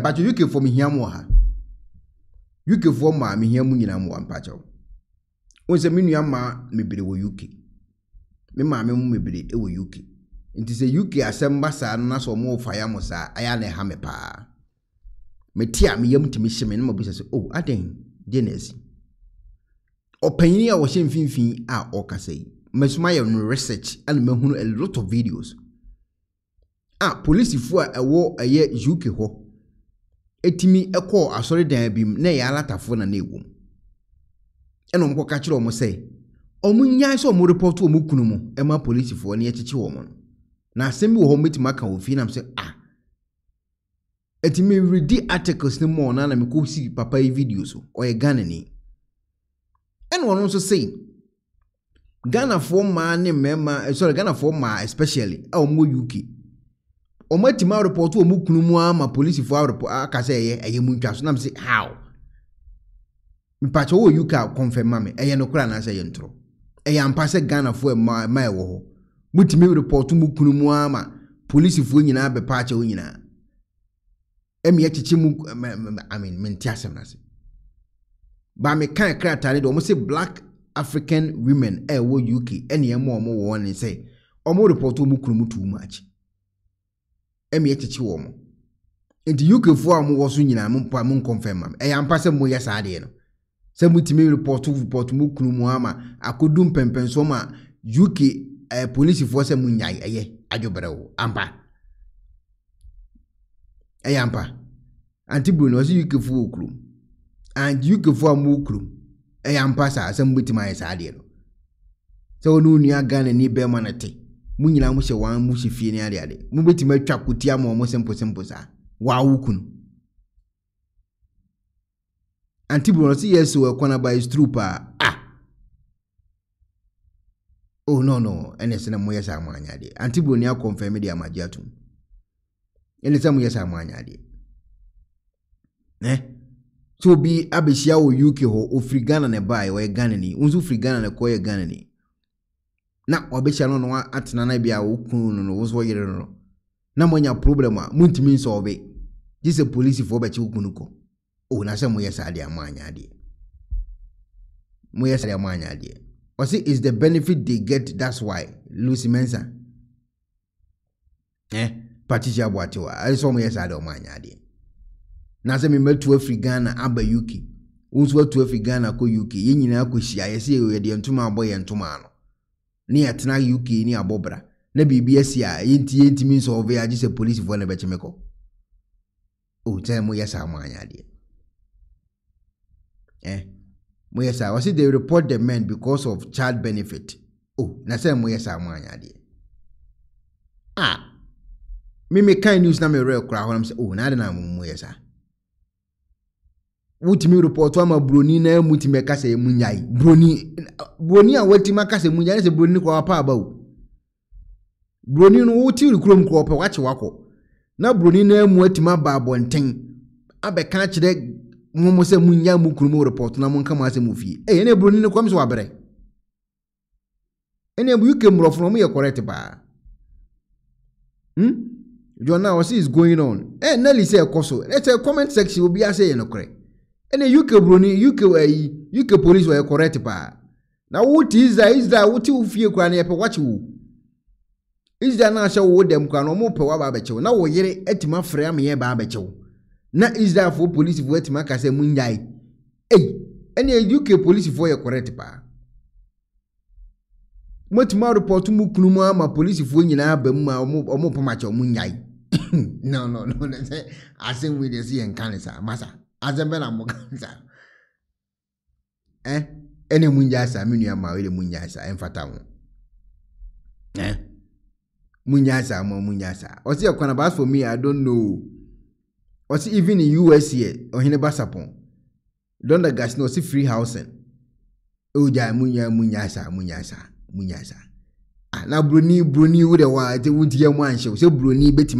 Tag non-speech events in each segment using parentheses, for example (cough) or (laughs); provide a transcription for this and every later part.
mpakyɛ ukfoɔ mehia mu wɔ ha ukfoɔ mmaa mehia mu nyinaa mu wɔ mpakyɛ wɔn sɛ me nua mmaa bebree wɔ uk me maame mu bebree wɔ uk nti sɛ uk asɛm ba na sɛ ɔmo fa ya mo saa ayɛ ana ɛha me paa mete a meyam tumi hye me no mabisa se oh adɛn gye na asi ɔpanyini a wɔhyɛ mfimfini a ɔrekasa yi mmasoma no research ana mahunu a lot of videos a polisifoɔ a ɛwɔ aye uk ho ɛtumi kɔɔ asɔredan bi mu na ɛyɛ alatafoɔ na na ɛwɔ mu ɛna wɔn kɔka kyerɛ wɔn sɛ wɔn nyaa sɛ wɔn repɔtɔ wɔn kunu mu ɛma polisifoɔ ne ɛkyekye wɔn no na asɛm bi wɔ hɔ mɛtumi aka wɔ fie nam sɛ a ah, ɛtumi redi articles ne mu ɔna na mɛkɔ si papa yi video so ɔyɛ ghanani ɛna wɔn nso sɛ ghanafoɔ mmaa ne mmarima ɛsɔre eh, ghanafoɔ mmaa especially a wɔn wɔ uk ɔmo atim arepɔt ɔmo kunu mu ama polisifoɔ arepɔ akasa ɛyɛ ɛyɛ mu ntwa so nam sɛ how mpakyɛ wɔ uk a kɔnfɛn ma mi ɛyɛ nokora anaasɛ ɛyɛ ntorɔ ɛyɛ ampa sɛ ghanafoɔ ɛma ɛma ɛwɔ hɔ mutumi repɔt mu kunu mu ama polisifoɔ nyinaa bɛ paakyɛ wɔ nyinaa ɛmi ɛkyekye mu ɛmɛ ɛmɛ mente asɛm n'ase baami kan krataa ne deɛ ɔmo sɛ black african women ɛwɔ uk ɛna ɛmo ɔmo wɔ ne sɛ ɔmo repɔt ɛma yɛkyekye wɔ mo nti ukfoɔ a mowɔ so nyinaa mompa monkɔmfam ma me ɛyɛ ampa sɛ moyɛ saa adeɛ no sɛ motumi repɔto repɔto mu kunu mu ama akɔdu mpɛmpɛnsoɔ ma uk eh, polisifoɔ sɛ monyae ɛyɛ adwoberɛ wo ampa ɛyɛ ampa anti bro no ɔsɛ ukfoɔ wɔ kurom and ukfoɔ a mowɔ kurom ɛyɛ ampa saa sɛ mobɛtumi ayɛ saa adeɛ no sɛ wo ne wo nua ghanani bɛrima no te mu nyinaa mo hyɛ wɔn mo hyɛ fie ne ade ade mo bɛtumi atwa kotia ma wɔn simple simple saa wɔawo kun anti bro si yes wɔ kwan aba is true paa ah oh no no ɛna sɛ na mo yɛ saa mo anya adeɛ anti bro ni akɔnfɛn de ama gye atum ɛna sɛ mo yɛ saa mo anya adeɛ eh so obi abɛhyia wɔ uk hɔ ofiri ghana na ɛbaa yɛ ɔyɛ ghana ni nso firi ghana na ɛkɔ yɛ ghana ni na ɔbɛhyia no na watena no bi a wokunu no no wo so wɔyere no no na moanya problem a montumi nsɔɔbe gye sɛ polisifoɔ bɛkye wo kunu kɔ o na sɛ moyɛ saa deɛ moanya adeɛ moyɛ saa deɛ moanya adeɛ ɔse is the benefit they get that's why lucy mensa eh patricia boatewa ɛyɛ sɛ ɔmoyɛ saa deɛ ɔmoanya adeɛ na sɛ mematu afiri ghana aba uk wo nso atu afiri ghana kɔ uk yɛn nyinaa kɔhyia yɛ sɛ yɛde yɛn ntoma abɔ yɛn ntoma ano ne yɛtena uk ne abɔ na biribi asi a yɛnti yɛntimi nsɔɔve agye sɛ polisifoɔ na bɛkyeme kɔ oh, sɛ moyɛ saa mo anyadeɛ eh? moyɛ saa wɔse they report the men because of child benefit oh, na sɛ moyɛ saa mo anyadeɛ a ah. meme kan news na mewerɛ kora hɔ nam sɛ oh, na adị na m saa wotumi ripɔtɔ ama broni na emu tumi kasa emu nyae broni broni a watumi akasa emu nyae sɛ broni kɔ apa aba o broni no wotiwiri kurom kɔ ɔpɛ wakye wakɔ na broni na emu atumi aba abɔnten abɛka akyerɛ mo mo sɛ mo nya mo kurom ripɔtɔ na mo nka mo asɛm ofie ɛyɛ na broni no kɔm so wabrɛ ɛna ebu uk mmorɔfo na ɔmo yɛ correct paa hmm john na ɔsi is going on ɛn nelly ɛkɔ so ɛsɛ comment section obi asɛ yɛ no correct. ene uk broni uk wayi uk police wayi correct paa na wote israel israel wote wo fie kura na yɛpɛ wakye wo israel na ahyɛ wo wo dɛm kura na ɔmo pɛ waba abɛkyɛ na wo yere atumi afrɛ ama yɛ ba abɛkyɛ wo na israelfoɔ polisifoɔ atumi aka sɛ mu nyae ei ɛne uk polisifoɔ yɛ correct paa motumi arepɔto mu kunu mu ama polisifoɔ nyinaa ba mu a ɔmo pɔmakyɛ ɔmo nyae no no no sɛ asɛm wei deɛ sɛ yɛnka ne saa masa azembela muganza eh ene munjasa minu na mawele munjasa emfatamu eh munjasa eh? mo munjasa osi ekwana but for me i don't know osi even in us here ohine basapon don da gas no osi free housing na wo de wa mu wo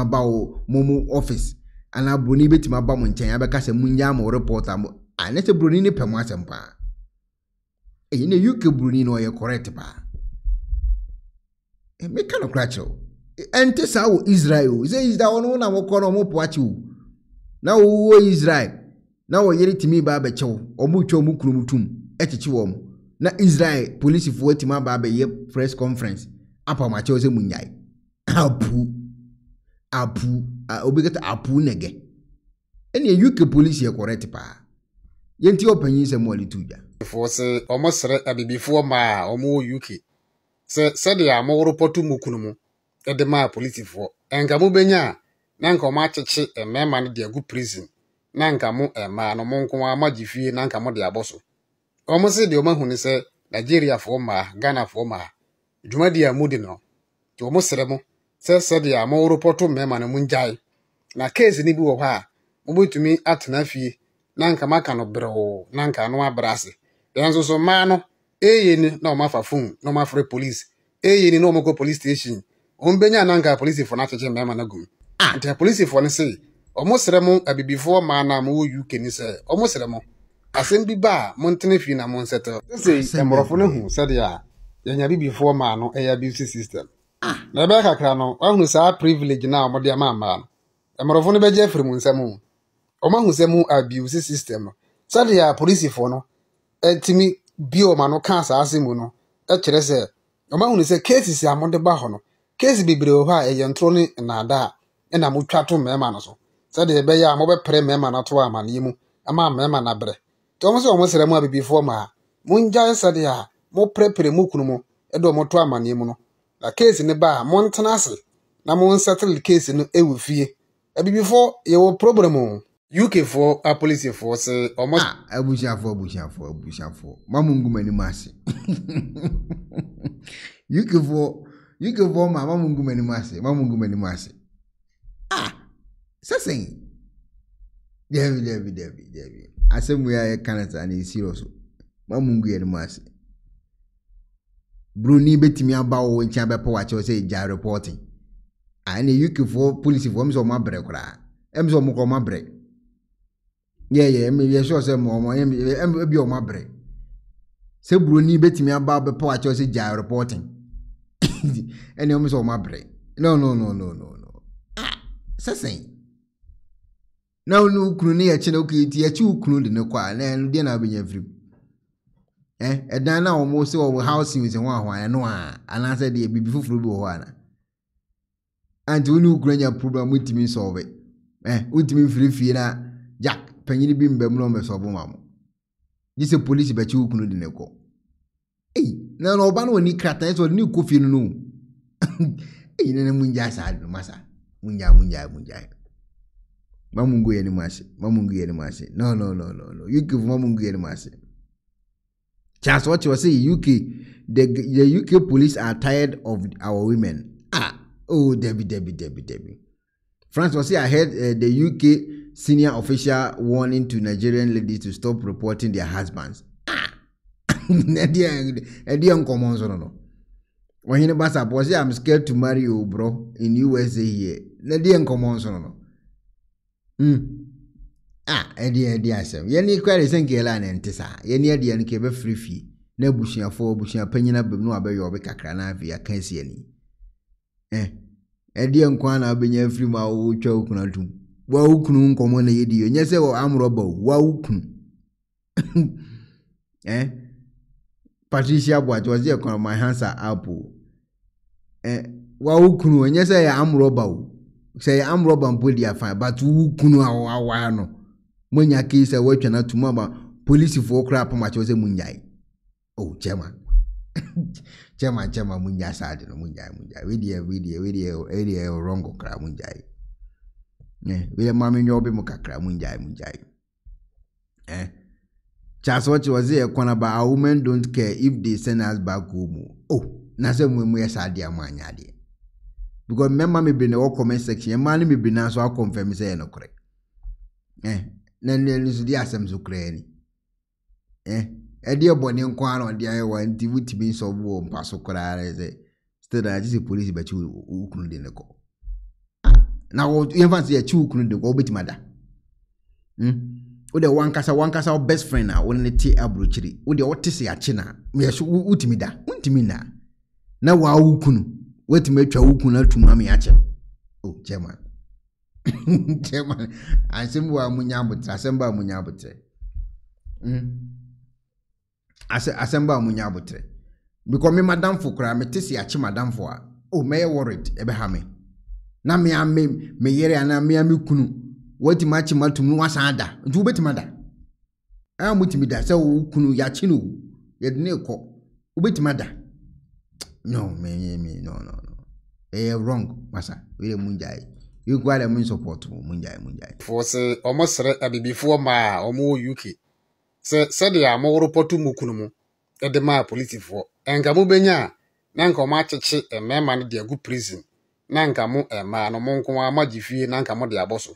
aba wo mo mu office ana buroni bɛtumi aba mo nkyɛn abɛka sɛ munya ama report a mo ana sɛ buroni ne pɛ mo asɛm paa ɛyi ne uk buroni na ɔyɛ correct paa meka no kora kyerɛw ɛnte saa wɔ israel o sɛ israel ɔno na wɔkɔ no ɔmo na wowɔ israel na wɔyere timi ba abɛkyɛ wo ɔmo twa kurom tum ɛkyekye wɔn na israel polisifoɔ atumi aba abɛyɛ press conference apamakyɛw sɛ apu apu obɛkata apu nɛgɛ ɛne uk police yɛ correct paa yɛnti ɔpanyin sɛ moale to dwa foɔ se ɔmo sere abibifoɔ eh, maa a ɔmo wɔ uk sɛ sɛdeɛ a moworepɔto mu kunu mu e de maa polisifoɔ ɛnka mobɛnya a na nka ɔmo akyekye eh, mmarima no de agu prison na nka mo eh, mmaa no mo nko ara magye fie na nka mo de abɔ so ɔmo se deɛ ɔmo ahu ne sɛ nigeriafoɔ maa ghanafoɔ maa dwumadi a mu di no nti ɔmo sere mo sɛ sɛdeɛ a mɔworepɔto mmarima no mu ngyae na keesi no bi wɔ hɔ a mobɛtumi atena fie na nka maka no berɛw na nka no abrɛ ase deɛ nso so mmaa no ɛyɛ ni na ɔmafa fon na ɔmafrɛ police ɛyɛ ni na ɔmɔkɔ police station ɔmbɛnya na nka apolisifoɔ ah, eh, no akyekye mmarima no agum eh, nti apolisifoɔ no sei ɔmo srɛ mo abibifoɔ mmaa no a mowɔ uk ni sɛ ɔmo srɛ mo asɛm bi ba a montene fii na monsɛtɛw sɛsei mmorɔfo no hu sɛdeɛ a yɛnya bibifoɔ mmaa no ɛyɛ abuse system na ebe kakra no ọhụrụ saa privilege na wɔde ama mmaa no mmorɔfo no bɛgye afiri mu nsɛm ho wɔn ahusɛm ho abuse system no sɛdeɛ polisifoɔ no ɛtumi bie wɔn ano kaa saa ase mu no ɛkyerɛ sɛ wɔn ahunu sɛ cases a wɔde ba hɔ no cases bebree wɔ hɔ a ɛyɛ ntoro ne nnaadaa ɛna wɔtwa to mmarima no so sɛdeɛ ebe a wɔbɛpere mmarima no ato amaneɛ mu ama mmarima no abrɛ nti wɔn sɛ wɔn srɛ mu abibifoɔ mu a mongyae sɛdeɛ a mopirepire mụ kunu mu ɛde wɔn to amaneɛ mu na case no ba a montena ase na monsettle keesi no ɛwɔ fie Before your problem you can for o ukfoɔ apolisifoɔ Ah, ɔmɔ. for abusuafoɔ for mamu for. anim ase ukfoɔ (laughs) ukfoɔ ma mamu ngum anim ase mamu ngum anim ase ah sɛsɛn dabi dabi dabi dabi asɛm wei a yɛka no saa na ɛsirɔ so mamu ngu anim ase broni bɛtumi aba wo nkyɛn bɛpɛ wakyɛw sɛ gya reporting ɛne ukfoɔ polisifoɔ m sɛ ɔma brɛ koraa ɛm sɛ ɔmokɔ ɔma brɛ yɛyɛ yɛ sɛ sɛ bi ɔma brɛ sɛ broni bɛtumi aba bɛpɛ wakyɛw sɛ gya reporting (coughs) ɛne ɔm sɛ ɔma no no no no no no ah sɛsɛn na wo kunu ne yɛkye na wokɛti yɛkye kunu de ne kɔ a na ɛno deɛ na wobɛnya firim Eh, ɛdan na wɔn sɛ wɔwɔ housing sɛ wɔn ahoa ɛno a anaasɛ deɛ biribi foforɔ bi wɔ hɔ ana anti wɔn ne wokura nya program wotumi nsɔɔbe ɛ eh, wotumi mfiri na jack panyin bi ma mo gye polisi bɛkyi wo de ne eyi na ɔba no wɔ krataa nana (laughs) mu ngya saa de mu ngya mu ngya mu ngya yɛ ne mu ase Charles what you say UK the the UK police are tired of our women. Ah, oh Debbie Debbie Debbie Debbie. France was say I heard uh, the UK senior official warning to Nigerian ladies to stop reporting their husbands. Ah, ɛdi nkɔmɔ nso no no. Wɔhene Basap wɔsi I'm scared to marry you bro in USA here. Ɛdi nkɔmɔ nso no Hmm. a ah, ɛdeɛ ɛde asɛm yɛn ni kwari sɛ nkele a nɛnte saa yɛn ni ɛdeɛ no kɛbɛ firi fie na abusuafoɔ abusua panyin abɛm no ɔbɛ kakra na afei aka si ani ɛ ɛdeɛ nko ara na abɛnya afiri mu a wɔtwa okunu kuna tum wawo kunu nkɔmɔ na yɛ di yɛ nyɛ sɛ wɔ amorɔ ba o wawo kunu (coughs) ɛ patricia buwati wɔsi yɛ kɔnɔ my hands are up o ɛ wawo kunu o nyɛ sɛ yɛ amorɔ ba o sɛ yɛ amorɔ mpo di afa but wo kunu awɔ ano. moanya kei sɛ woatwa no atom ama polisifoɔ koraa apamakyɛw sɛ munyae o kyɛma kyɛma kyɛma munya saa no munyae munyae wedeɛ wedeɛ wedeɛ wedeɛ ɛyɛ wrong kra munyae eh, ɛ wedeɛ maame nyɛ ɔbɛ mu kakra munyae munyae eh, ɛ Charles Watch was there corner but our women don't care if they send us back home. Oh, na sɛ mo mu yɛ saa adeɛ mo anya adeɛ. Because mmarima bebree na ɛwɔ comment section, mmaa no bebree na nso akɔnfɛm sɛ ɛyɛ nokorɛ. Ɛ na nnua no so de asɛm so koraa ni eh, ɛdeɛ bɔne nko ara na ɔde ayɛ wa nti wotumi nsɔ bo wɔ mpa so koraa ne sɛ still agye sɛ polisi bɛkyi wo kunu de ne kɔ na yɛmfa sɛ yɛkyi wo kunu de kɔ wobɛtumi ada hmm? wode wankasa wankasa wo best friend a wone te aburokyiri wode wote se akye no a yɛso wotumi da wontumi nna na waa wo kunu woatumi atwa wo kunu atum ame akyɛ o oh, chairman (laughs) asɛm wo a munya abotire asɛm ba a munya hmm? abotire asɛm ba a munya abotire because me madamfo koraa mete si akye madamfo a o oh, mɛyɛ worried ɛbɛha me na me ame me yere anaa me ame kunu wɔatumi akye ma tum no wasan ada nti wobɛtumi ada a mutumi da sɛ wo kunu yɛakye no wo yɛde ne kɔ wobɛtumi ada no me me no no no ɛyɛ wrong masa wɛrɛ mu ngyae yɛkua dɛ monsupɔt mo mongyae mongyae fo sɛ ɔmo serɛ abibifoɔ maa a ɔmowɔ uk sɛ sɛdeɛ a moworo pɔto mu kunu mu e de maa polisifoɔ ɛnka mobɛnya a na nka ɔmo akyekye mmarima no de agu prison na nka mo e mmaa no mo nko ara magye fie na nka mo de abɔ so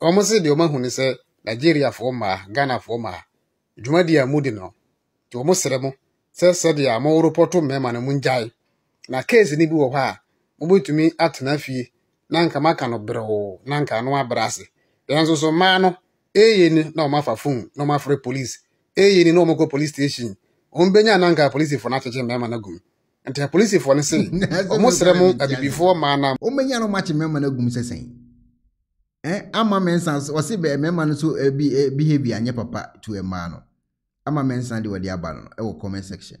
ɔmo se deɛ ɔmo ahu ne sɛ ma. mmaa ghanafoɔ mmaa dwumadie a modi no nti ɔmo serɛ mo sɛ sɛdeɛ a moworo pɔto mmarima no mongyae na keesi ni bi wɔ hɔ a mobɛtumi atena fie na nka makano brou na nka anụ abrasi ya nzuzo mmanụ eyeni na ọmafa fun na ọmafere polisi eyeni na ọmọkọ polisi station na nka polisi fọ na achịcha mmemme na gum nti ne ọmụ sere ma na. ombenye na ọmachị mmemme na gum sịsị eh, ama mmensa ọsị bụ mmemme nso ebi eh, eh, behavior anya papa tu mmaa e no ama dị comment section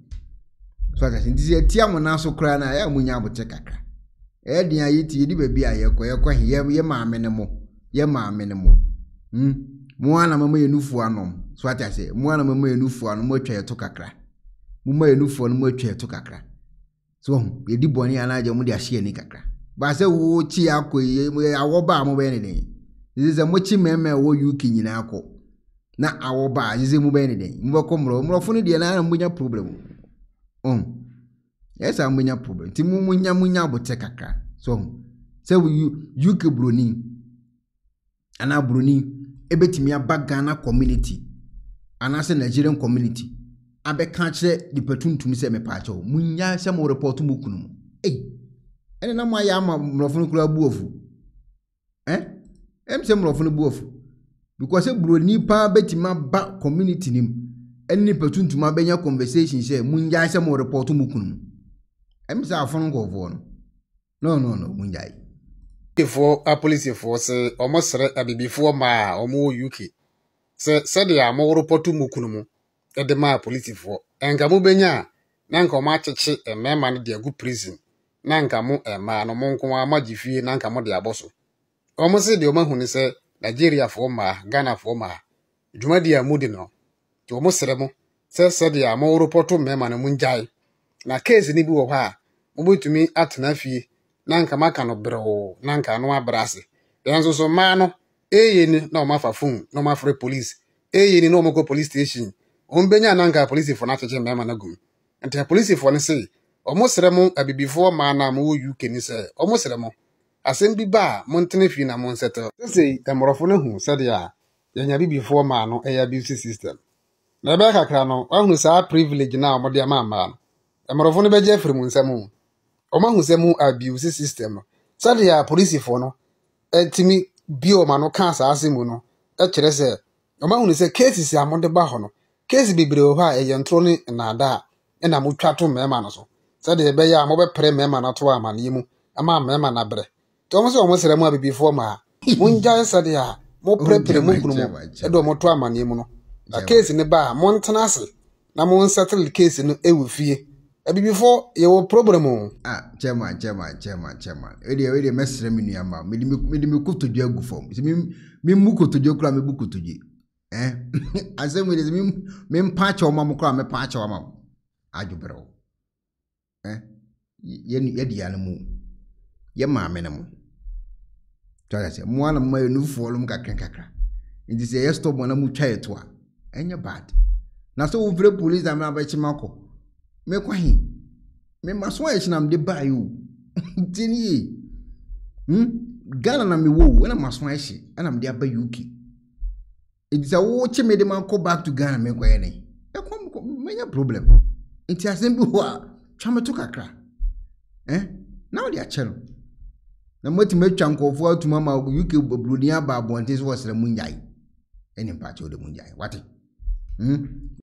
so aka nti sɛ ɛtia mo nan so koraa a kakra a yɛkɔ yɛkɔ yɛ maame ne mo yɛ maame ne mo hmm? mo na mama yɛ nufu anom so ata sɛ mo a na mama yɛ nufu anom mo atwa kakra mo ma yɛ nufu anom mo atwa kakra so hm, yɛdi bɔnne anaa mo de kakra baasa wo kyi akɔ awɔ a mo bɛyɛ ne den yɛsɛ sɛ mo kyi mɛmɛ wɔ uk nyinaa kɔ na awɔ ba a ya mo bɛyɛ ne den mo bɛkɔ mmorɔ mmorɔfo no deɛ na mo nya problem. um essa munya problem nti mu munya munya abotɛ kakra so sɛ uk buroni anaa buroni ebetumi aba ghana community anaasɛ nigerian community abɛka kyerɛ nipa tuntum sɛ mepaakyɛw munya sɛ mo report mu kunu mu ei ɛne na mo ayɛ ama mmorɔfo no koraa bu afu ɛn ɛm sɛ mmorɔfo no bu afu because buroni paa betumi aba community nim. ɛne nipa tuntum abɛnya conversation sɛ mungyae sɛ mo report mu kunu mu ɛmi sɛ afɔno nkɔfoɔ no no no no mungyae. apolisifoɔ apolisifoɔ sɛ ɔmo srɛ abibifoɔ maa a ɔmo wɔ uk sɛ sɛdeɛ ɔmo report mu kunu mu ɛde maa apolisifoɔ ɛnka mo bɛnya a na nka ɔmo akyekye mmarima no de agu prison na nka mo mmaa no mo nko ara mo agye fie na nka mo de abɔ so ɔmo sɛ deɛ ɔmo ahu ne sɛ nigeriafoɔ maa ghanafoɔ maa dwumadie a mo di no nti wɔn srɛ mo sɛ sɛdeɛ a mɔworɔpɔto mmarima no mu ngyae na keesi no bi wɔ hɔ a wɔbɛtumi atena fie na nka maka no berɛw na nka ano abrɛ ase deɛ nso so mmaa no eye ni na wɔn afa phone na wɔn afrɛ police. eye ni na wɔn kɔ police station wɔn bɛnya na nka polisifoɔ no akyekyere mmarima no gum nti polisifoɔ no sei wɔn srɛ mo abibifoɔ mmaa na wɔwɔ uk ni sɛ wɔn srɛ mo asɛm bi ba a montene fii na monsɛtɛ sesei mmorɔfo no hu sɛdeɛ a yɛnya bibifoɔ maa no ɛyɛ abuse system na ɛbɛyɛ kakra no wahunu saa privilege na a ama ama no mmarɔfo no bɛgye afiri mu nsɛm mu wɔmahu sɛ mu abuse system no sɛdeɛ apolisifoɔ no tumi bi wɔn ano ka saa ase mu no kyerɛ sɛ wɔahunu sɛ cases si wɔde ba hɔ no case bebree wɔ hɔ a ɛyɛ ntoro ne a na wɔtwa to mmarima no so sɛdeɛ ɛbɛyɛ a wɔbɛpere mmarima no ato amaneɛ mu ama mmarima no abrɛ nti wɔn sɛ wɔn srɛ mu abibifoɔ ma a wɔngyae (laughs) sɛdeɛ a wɔpɛrɛpɛrɛ mu kunu mu de wɔn to mu no na keesi no baa montena ase na monsettle case no ɛwɔ fie before your problem o. ah chairman chairman chairman chairman ɛdi ɛdi mɛsirɛ mi nua ma mɛ di mi kotodwe agu fam mi mu kotodwe kura mi bu kotodwe ɛn asɛm yi de sɛ mi mpa akyɛ ɔma mu kura mi pa akyɛ ɔma mu adwobere o ɛn yɛ di yan mu yɛ maame ne mu tɔ ɛsɛ mu anam mu ayɛ nufuɔ nom kakra kakra nti sɛ yɛ stop mu anam mu twa yɛ to a. enye bad na sɛ wofrɛ police da mmerɛ abɛkyema kɔ mekwahe mema so ayɛ kyena mede baeɛ o (laughs) nti ne ye hmm? ghana na mewɔ o ɛna maso ahye ɛna mde aba uk nti sɛ wokye mede mankɔ back to ghana mekɔyɛ ne ɛkɔ mɛnya problem nti asɛm bi hɔ a twa me kakra eh? na wode akyɛ no na matumi atwa nkɔɔfoɔ atuma ma uk buroni aba abɔnten so wɔsrɛ mu nyae ɛne mpakyɛ wode mu nyae wate Hm?